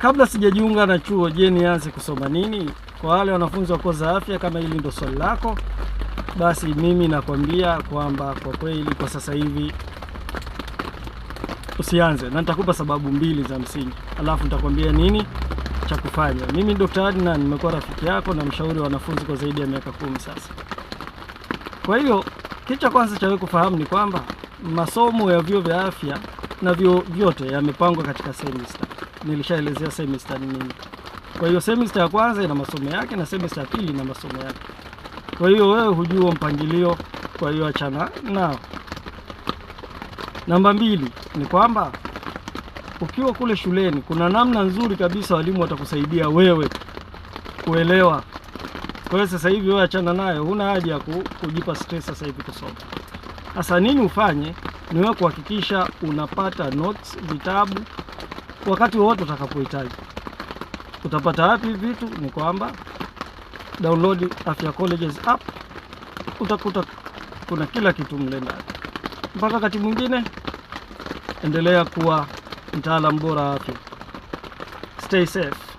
Kabla sijajiunga na chuo, je, nianze kusoma nini? Kwa wale wanafunzi wa kozi za afya, kama hili ndio swali lako, basi mimi nakwambia kwamba kwa kweli kwa sasa hivi usianze, na nitakupa sababu mbili za msingi, alafu nitakwambia nini cha kufanya. Mimi Dr. Adnan nimekuwa rafiki yako na mshauri wa wanafunzi kwa zaidi ya miaka kumi sasa. Kwa hiyo kitu cha kwanza cha wewe kufahamu ni kwamba masomo ya vyuo vya afya na vyuo vyote yamepangwa katika semester nilishaelezea semester ni nini. Kwa hiyo semester ya kwanza ina masomo yake na semester ya pili ina masomo yake. Kwa hiyo wewe hujua mpangilio, kwa hiyo achana nao. Namba mbili ni kwamba ukiwa kule shuleni kuna namna nzuri kabisa walimu watakusaidia wewe kuelewa. Kwa hiyo sasa hivi wewe achana nayo, huna haja ya kujipa stress sasa hivi kusoma. Sasa nini ufanye? Ni wewe kuhakikisha unapata notes, vitabu wakati wowote utakapohitaji. Utapata wapi vitu? Ni kwamba download Afya Colleges app, utakuta kuna kila kitu mle ndani. Mpaka wakati mwingine, endelea kuwa mtaalamu bora wa afya. Stay safe.